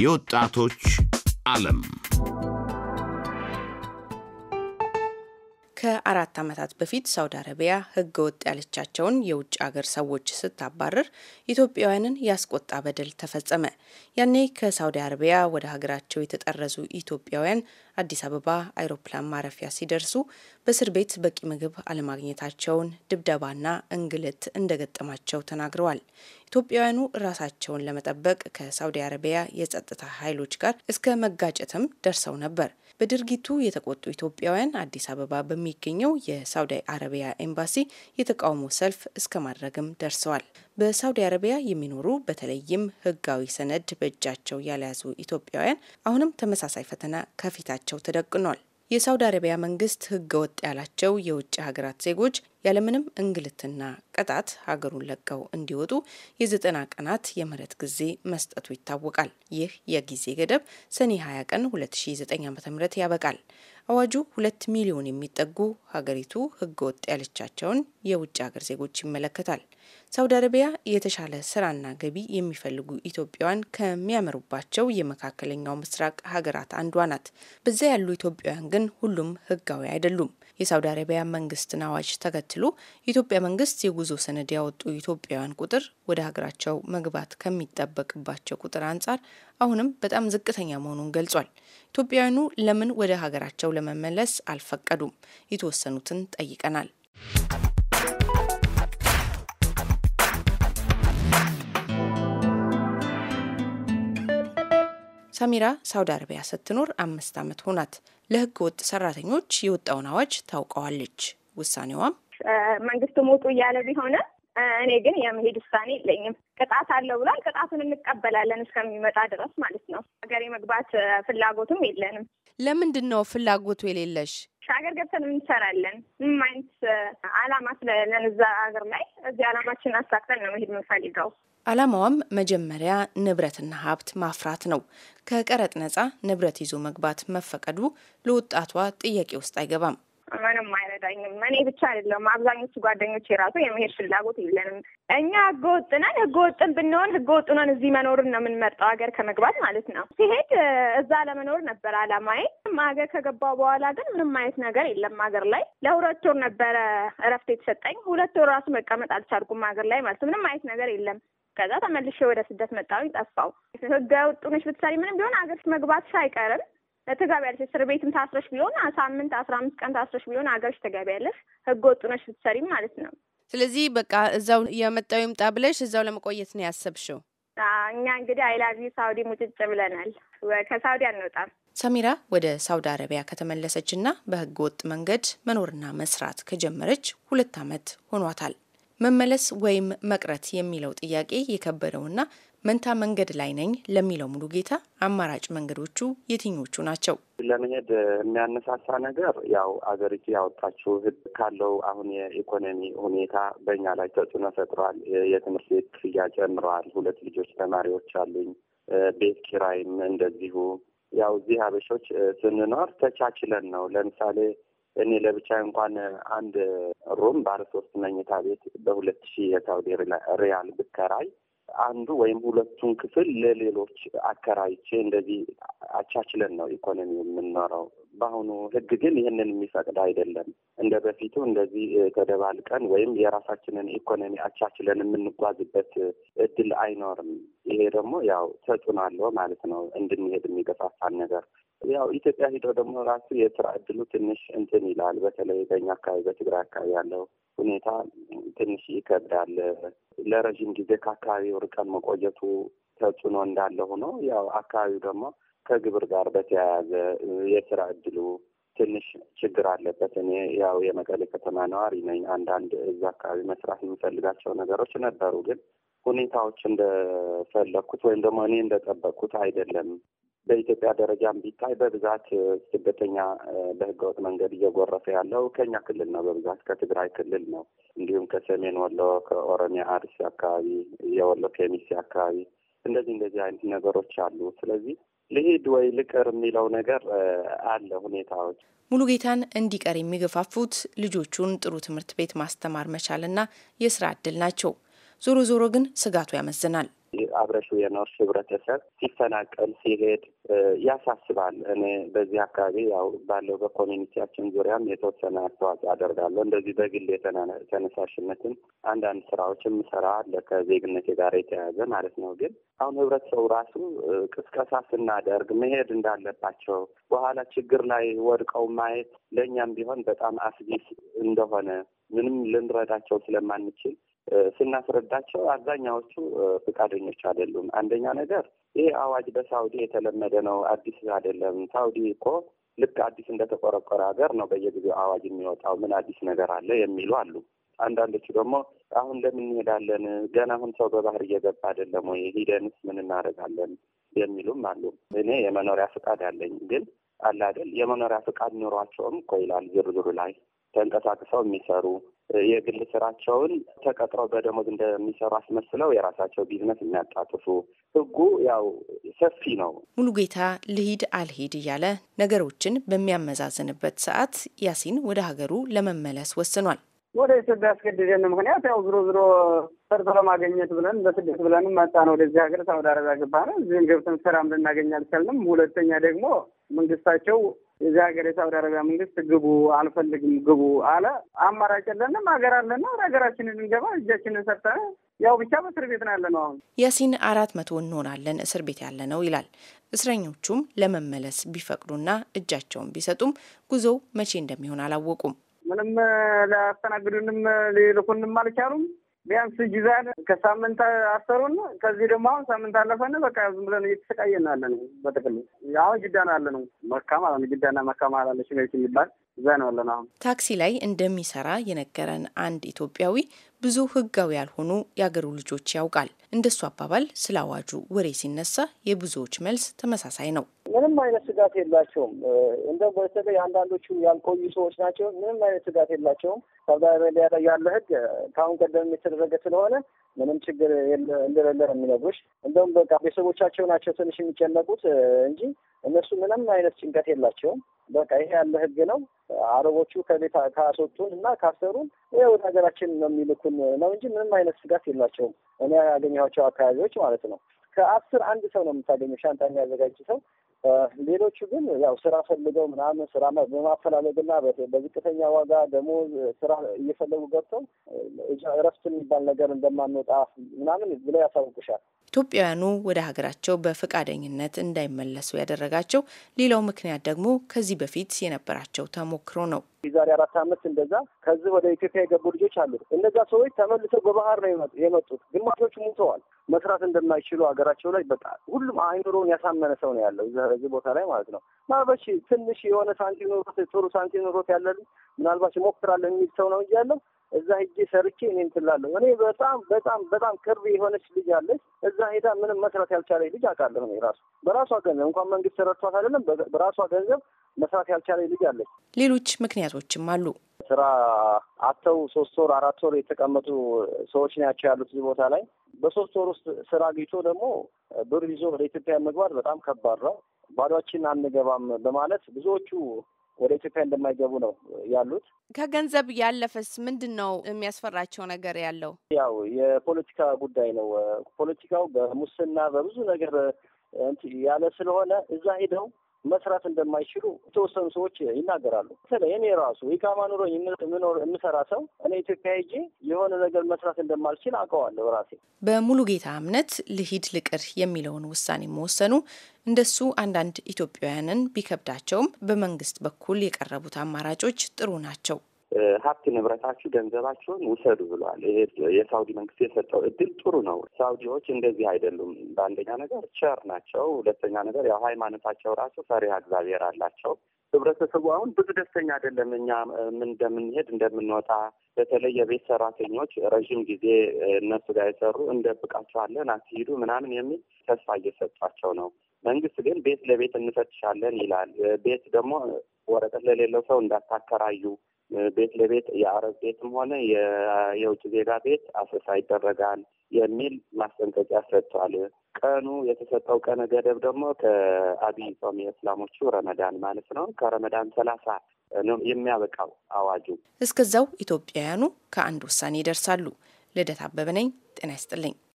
የወጣቶች ዓለም አራት ዓመታት በፊት ሳውዲ አረቢያ ህገ ወጥ ያለቻቸውን የውጭ አገር ሰዎች ስታባረር ኢትዮጵያውያንን ያስቆጣ በደል ተፈጸመ። ያኔ ከሳውዲ አረቢያ ወደ ሀገራቸው የተጠረዙ ኢትዮጵያውያን አዲስ አበባ አይሮፕላን ማረፊያ ሲደርሱ በእስር ቤት በቂ ምግብ አለማግኘታቸውን፣ ድብደባና እንግልት እንደገጠማቸው ተናግረዋል። ኢትዮጵያውያኑ ራሳቸውን ለመጠበቅ ከሳውዲ አረቢያ የጸጥታ ኃይሎች ጋር እስከ መጋጨትም ደርሰው ነበር። በድርጊቱ የተቆጡ ኢትዮጵያውያን አዲስ አበባ በሚገኘው የሳውዲ አረቢያ ኤምባሲ የተቃውሞ ሰልፍ እስከ ማድረግም ደርሰዋል። በሳውዲ አረቢያ የሚኖሩ በተለይም ሕጋዊ ሰነድ በእጃቸው ያልያዙ ኢትዮጵያውያን አሁንም ተመሳሳይ ፈተና ከፊታቸው ተደቅኗል። የሳውዲ አረቢያ መንግስት ህገ ወጥ ያላቸው የውጭ ሀገራት ዜጎች ያለምንም እንግልትና ቅጣት ሀገሩን ለቀው እንዲወጡ የዘጠና ቀናት የምህረት ጊዜ መስጠቱ ይታወቃል። ይህ የጊዜ ገደብ ሰኔ 20 ቀን 2009 ም ያበቃል። አዋጁ ሁለት ሚሊዮን የሚጠጉ ሀገሪቱ ህገወጥ ያለቻቸውን የውጭ ሀገር ዜጎች ይመለከታል። ሳውዲ አረቢያ የተሻለ ስራና ገቢ የሚፈልጉ ኢትዮጵያውያን ከሚያመሩባቸው የመካከለኛው ምስራቅ ሀገራት አንዷ ናት። በዚያ ያሉ ኢትዮጵያውያን ግን ሁሉም ህጋዊ አይደሉም። የሳውዲ አረቢያ መንግስትን አዋጅ ተከትሎ የኢትዮጵያ መንግስት የጉዞ ሰነድ ያወጡ ኢትዮጵያውያን ቁጥር ወደ ሀገራቸው መግባት ከሚጠበቅባቸው ቁጥር አንጻር አሁንም በጣም ዝቅተኛ መሆኑን ገልጿል። ኢትዮጵያውያኑ ለምን ወደ ሀገራቸው ለመመለስ አልፈቀዱም? የተወሰኑትን ጠይቀናል። ሰሚራ ሳውዲ አረቢያ ስትኖር አምስት ዓመት ሆናት። ለህገ ወጥ ሰራተኞች የወጣውን አዋጅ ታውቀዋለች። ውሳኔዋም መንግስት ሞጡ እያለ ቢሆነ እኔ ግን የመሄድ ውሳኔ የለኝም። ቅጣት አለው ብሏል። ቅጣቱን እንቀበላለን እስከሚመጣ ድረስ ማለት ነው። ሀገር የመግባት ፍላጎትም የለንም። ለምንድን ነው ፍላጎቱ የሌለሽ? ሀገር ገብተን እንሰራለን። ምንም አይነት አላማ ስለሌለን እዛ ሀገር ላይ እዚህ አላማችን አሳክተን ነው መሄድ የምንፈልገው። አላማዋም መጀመሪያ ንብረትና ሀብት ማፍራት ነው። ከቀረጥ ነጻ ንብረት ይዞ መግባት መፈቀዱ ለወጣቷ ጥያቄ ውስጥ አይገባም። ምንም አይረዳኝም። እኔ ብቻ አይደለም አብዛኞቹ ጓደኞች የራሱ የመሄድ ፍላጎት የለንም። እኛ ህገወጥ ነን። ህገወጥን ብንሆን ህገወጥ ነን እዚህ መኖርን ነው የምንመርጠው፣ ሀገር ከመግባት ማለት ነው። ሲሄድ እዛ ለመኖር ነበር አላማዬ። ሀገር ከገባው በኋላ ግን ምንም አይነት ነገር የለም ሀገር ላይ። ለሁለት ወር ነበረ እረፍት የተሰጠኝ። ሁለት ወር ራሱ መቀመጥ አልቻልኩም ሀገር ላይ ማለት ምንም አይነት ነገር የለም። ከዛ ተመልሼ ወደ ስደት መጣሁኝ። ጠፋው ህገ ወጥ ነሽ ብትሰሪ ምንም ቢሆን ሀገር መግባትሽ አይቀርም ትገቢያለሽ። እስር ቤትም ታስረሽ ቢሆን ሳምንት አስራ አምስት ቀን ታስረሽ ቢሆን አገርሽ ትገቢያለሽ። ህገ ወጥ ነሽ ብትሰሪም ማለት ነው። ስለዚህ በቃ እዛው የመጣው ይምጣ ብለሽ እዛው ለመቆየት ነው ያሰብሽው? እኛ እንግዲህ አይላቪ ሳውዲ ሙጭጭ ብለናል። ከሳውዲ አንወጣም። ሰሚራ ወደ ሳውዲ አረቢያ ከተመለሰች ከተመለሰችና በህገ ወጥ መንገድ መኖርና መስራት ከጀመረች ሁለት ዓመት ሆኗታል። መመለስ ወይም መቅረት የሚለው ጥያቄ የከበደውና መንታ መንገድ ላይ ነኝ ለሚለው ሙሉ ጌታ አማራጭ መንገዶቹ የትኞቹ ናቸው? ለመሄድ የሚያነሳሳ ነገር ያው አገሪቱ ያወጣችው ሕግ ካለው አሁን የኢኮኖሚ ሁኔታ በእኛ ላይ ተጽዕኖ ፈጥሯል። የትምህርት ቤት ክፍያ ጨምረዋል። ሁለት ልጆች ተማሪዎች አሉኝ። ቤት ኪራይም እንደዚሁ። ያው እዚህ ሀበሾች ስንኖር ተቻችለን ነው። ለምሳሌ እኔ ለብቻ እንኳን አንድ ሩም ባለ ሶስት መኝታ ቤት በሁለት ሺህ የሳውዲ ሪያል ብከራይ አንዱ ወይም ሁለቱን ክፍል ለሌሎች አከራይቼ እንደዚህ አቻችለን ነው ኢኮኖሚ የምንኖረው። በአሁኑ ህግ ግን ይህንን የሚፈቅድ አይደለም። እንደ በፊቱ እንደዚህ ተደባልቀን ወይም የራሳችንን ኢኮኖሚ አቻችለን የምንጓዝበት እድል አይኖርም። ይሄ ደግሞ ያው ተጽዕኖ አለው ማለት ነው፣ እንድንሄድ የሚገፋፋን ነገር ያው ኢትዮጵያ ሂደው ደግሞ ራሱ የስራ እድሉ ትንሽ እንትን ይላል። በተለይ በእኛ አካባቢ በትግራይ አካባቢ ያለው ሁኔታ ትንሽ ይከብዳል። ለረዥም ጊዜ ከአካባቢው ርቀን መቆየቱ ተጽዕኖ እንዳለ ሆኖ ያው አካባቢው ደግሞ ከግብር ጋር በተያያዘ የስራ እድሉ ትንሽ ችግር አለበት። እኔ ያው የመቀሌ ከተማ ነዋሪ ነኝ። አንዳንድ እዛ አካባቢ መስራት የሚፈልጋቸው ነገሮች ነበሩ፣ ግን ሁኔታዎች እንደፈለግኩት ወይም ደግሞ እኔ እንደጠበቅኩት አይደለም። በኢትዮጵያ ደረጃ ቢታይ በብዛት ስደተኛ በህገወጥ መንገድ እየጎረፈ ያለው ከኛ ክልል ነው። በብዛት ከትግራይ ክልል ነው። እንዲሁም ከሰሜን ወሎ፣ ከኦሮሚያ አርሲ አካባቢ፣ የወሎ ኬሚሴ አካባቢ እንደዚህ እንደዚህ አይነት ነገሮች አሉ። ስለዚህ ልሂድ ወይ ልቅር የሚለው ነገር አለ ሁኔታዎች። ጌታን እንዲቀር የሚገፋፉት ልጆቹን ጥሩ ትምህርት ቤት ማስተማር መቻልና የስራ እድል ናቸው። ዞሮ ዞሮ ግን ስጋቱ ያመዝናል። አብረሹ የኖርሽ ህብረተሰብ ሲፈናቀል ሲሄድ ያሳስባል። እኔ በዚህ አካባቢ ያው ባለው በኮሚኒቲያችን ዙሪያም የተወሰነ አስተዋጽኦ አደርጋለሁ። እንደዚህ በግል የተነሳሽነትም አንዳንድ ስራዎችም ምሰራ አለ ከዜግነቴ ጋር የተያያዘ ማለት ነው። ግን አሁን ህብረተሰቡ ራሱ ቅስቀሳ ስናደርግ መሄድ እንዳለባቸው በኋላ ችግር ላይ ወድቀው ማየት ለእኛም ቢሆን በጣም አስጊ እንደሆነ ምንም ልንረዳቸው ስለማንችል ስናስረዳቸው አብዛኛዎቹ ፍቃደኞች አይደሉም። አንደኛ ነገር ይሄ አዋጅ በሳውዲ የተለመደ ነው፣ አዲስ አይደለም። ሳውዲ እኮ ልክ አዲስ እንደተቆረቆረ ሀገር ነው በየጊዜው አዋጅ የሚወጣው፣ ምን አዲስ ነገር አለ የሚሉ አሉ። አንዳንዶቹ ደግሞ አሁን ለምን እንሄዳለን? ገና አሁን ሰው በባህር እየገባ አይደለም ወይ? ሂደንስ ምን እናደርጋለን የሚሉም አሉ። እኔ የመኖሪያ ፍቃድ አለኝ ግን አለ አይደል የመኖሪያ ፍቃድ ኑሯቸውም እኮ ይላል ዝርዝሩ ላይ ተንቀሳቅሰው የሚሰሩ የግል ስራቸውን ተቀጥረው በደሞዝ እንደሚሰሩ አስመስለው የራሳቸው ቢዝነስ የሚያጣጥፉ ህጉ ያው ሰፊ ነው። ሙሉ ጌታ ልሂድ አልሂድ እያለ ነገሮችን በሚያመዛዝንበት ሰዓት ያሲን ወደ ሀገሩ ለመመለስ ወስኗል። ወደ ኢትዮጵያ ያስገድደን ምክንያት ያው ዝሮ ዝሮ ሰርቶ ለማገኘት ብለን በስደት ብለን መጣ ነው። ወደዚህ ሀገር ሳውዲ አረቢያ ገባ ነው። እዚህም ገብተን ስራም ልናገኝ አልቻልንም። ሁለተኛ ደግሞ መንግስታቸው የዚህ ሀገር የሳውዲ አረቢያ መንግስት ግቡ አንፈልግም ግቡ አለ። አማራጭ የለንም። ሀገር አለና ወደ ሀገራችንን እንገባ እጃችንን ሰጠነ። ያው ብቻ በእስር ቤት ነው ያለነው። አሁን የሲን አራት መቶ እንሆናለን እስር ቤት ያለ ነው ይላል። እስረኞቹም ለመመለስ ቢፈቅዱና እጃቸውን ቢሰጡም ጉዞው መቼ እንደሚሆን አላወቁም። ምንም ሊያስተናግዱንም ሊልኩንም አልቻሉም። ቢያንስ ጊዛን ከሳምንት አሰሩን። ከዚህ ደግሞ አሁን ሳምንት አለፈን። በቃ ዝም ብለን እየተሰቃየን ያለ ነው። በጥቅል አሁን ጅዳ ነው ያለ ነው መካ ማለት ነው። ጅዳና መካ መሀል አለች የሚባል እዛ ነው ያለ ነው። አሁን ታክሲ ላይ እንደሚሰራ የነገረን አንድ ኢትዮጵያዊ ብዙ ህጋዊ ያልሆኑ የአገሩ ልጆች ያውቃል። እንደሱ አባባል ስለ አዋጁ ወሬ ሲነሳ የብዙዎች መልስ ተመሳሳይ ነው። ምንም አይነት ስጋት የላቸውም። እንደው በተለይ አንዳንዶቹ ያልቆዩ ሰዎች ናቸው። ምንም አይነት ስጋት የላቸውም። ሳውዲ አረቢያ ላይ ያለ ህግ ከአሁን ቀደም የተደረገ ስለሆነ ምንም ችግር እንደሌለ ነው የሚነግሩሽ። እንደውም በቃ ቤተሰቦቻቸው ናቸው ትንሽ የሚጨነቁት እንጂ እነሱ ምንም አይነት ጭንቀት የላቸውም። በቃ ይሄ ያለ ህግ ነው። አረቦቹ ከቤት ካስወጡን እና ካሰሩን ይህ ወደ ሀገራችን ነው የሚልኩን ነው እንጂ ምንም አይነት ስጋት የላቸውም። እኔ ያገኘኋቸው አካባቢዎች ማለት ነው። ከአስር አንድ ሰው ነው የምታገኘው ሻንጣ የሚያዘጋጅ ሰው ሌሎቹ ግን ያው ስራ ፈልገው ምናምን ስራ በማፈላለግና በዝቅተኛ ዋጋ ደግሞ ስራ እየፈለጉ ገብተው እረፍት የሚባል ነገር እንደማንወጣ ምናምን ብለው ያሳውቅሻል። ኢትዮጵያውያኑ ወደ ሀገራቸው በፈቃደኝነት እንዳይመለሱ ያደረጋቸው ሌላው ምክንያት ደግሞ ከዚህ በፊት የነበራቸው ተሞክሮ ነው። የዛሬ አራት ዓመት እንደዛ ከዚህ ወደ ኢትዮጵያ የገቡ ልጆች አሉ። እነዛ ሰዎች ተመልሰው በባህር ነው የመጡት። ግማሾቹ ሙተዋል። መስራት እንደማይችሉ ሀገራቸው ላይ በቃ ሁሉም አይምሮውን ያሳመነ ሰው ነው ያለው እዚህ ቦታ ላይ ማለት ነው። እና በሺ ትንሽ የሆነ ሳንቲም ኑሮት ጥሩ ሳንቲም ኑሮት ያለልኝ ምናልባት ሞክራለሁ የሚል ሰው ነው እንጂ ያለው እዛ ሄጄ ሰርቼ እኔ እንትላለሁ። እኔ በጣም በጣም በጣም ቅርብ የሆነች ልጅ አለች። እዛ ሄዳ ምንም መስራት ያልቻለች ልጅ አውቃለሁ እኔ ራሱ በራሷ ገንዘብ እንኳን መንግስት ረድቷት አይደለም፣ በራሷ ገንዘብ መስራት ያልቻለች ልጅ አለች። ሌሎች ምክንያቶችም አሉ። ስራ አተው ሶስት ወር አራት ወር የተቀመጡ ሰዎች ናቸው ያሉት እዚህ ቦታ ላይ። በሶስት ወር ውስጥ ስራ አግኝቶ ደግሞ ብር ይዞ ወደ ኢትዮጵያ መግባት በጣም ከባድ ነው። ባዷችን አንገባም በማለት ብዙዎቹ ወደ ኢትዮጵያ እንደማይገቡ ነው ያሉት። ከገንዘብ ያለፈስ ምንድን ነው የሚያስፈራቸው ነገር ያለው? ያው የፖለቲካ ጉዳይ ነው። ፖለቲካው በሙስና በብዙ ነገር ያለ ስለሆነ እዛ ሄደው መስራት እንደማይችሉ የተወሰኑ ሰዎች ይናገራሉ። በተለይ እኔ ራሱ ኢቃማ ኑሮ የምኖር የምሰራ ሰው እኔ ኢትዮጵያ ሄጄ የሆነ ነገር መስራት እንደማልችል አውቀዋለሁ ራሴ። በሙሉ ጌታ እምነት ልሂድ ልቅር የሚለውን ውሳኔ መወሰኑ እንደሱ አንዳንድ ኢትዮጵያውያንን ቢከብዳቸውም በመንግስት በኩል የቀረቡት አማራጮች ጥሩ ናቸው ሀብት ንብረታችሁ፣ ገንዘባችሁን ውሰዱ ብለዋል። ይሄ የሳውዲ መንግስት የሰጠው እድል ጥሩ ነው። ሳውዲዎች እንደዚህ አይደሉም። በአንደኛ ነገር ቸር ናቸው። ሁለተኛ ነገር ያው ሃይማኖታቸው ራሱ ፈሪሃ እግዚአብሔር አላቸው። ህብረተሰቡ አሁን ብዙ ደስተኛ አይደለም። እኛ እንደምንሄድ እንደምንወጣ፣ በተለይ የቤት ሰራተኞች ረዥም ጊዜ እነሱ ጋር የሰሩ እንደብቃቸዋለን፣ አትሂዱ ምናምን የሚል ተስፋ እየሰጧቸው ነው። መንግስት ግን ቤት ለቤት እንፈትሻለን ይላል። ቤት ደግሞ ወረቀት ለሌለው ሰው እንዳታከራዩ ቤት ለቤት የአረብ ቤትም ሆነ የውጭ ዜጋ ቤት አሰሳ ይደረጋል የሚል ማስጠንቀቂያ ሰጥቷል። ቀኑ የተሰጠው ቀነ ገደብ ደግሞ ከአብይ ጾም የእስላሞቹ ረመዳን ማለት ነው። ከረመዳን ሰላሳ ነው የሚያበቃው አዋጁ። እስከዛው ኢትዮጵያውያኑ ከአንድ ውሳኔ ይደርሳሉ። ልደት አበበ ነኝ። ጤና ይስጥልኝ።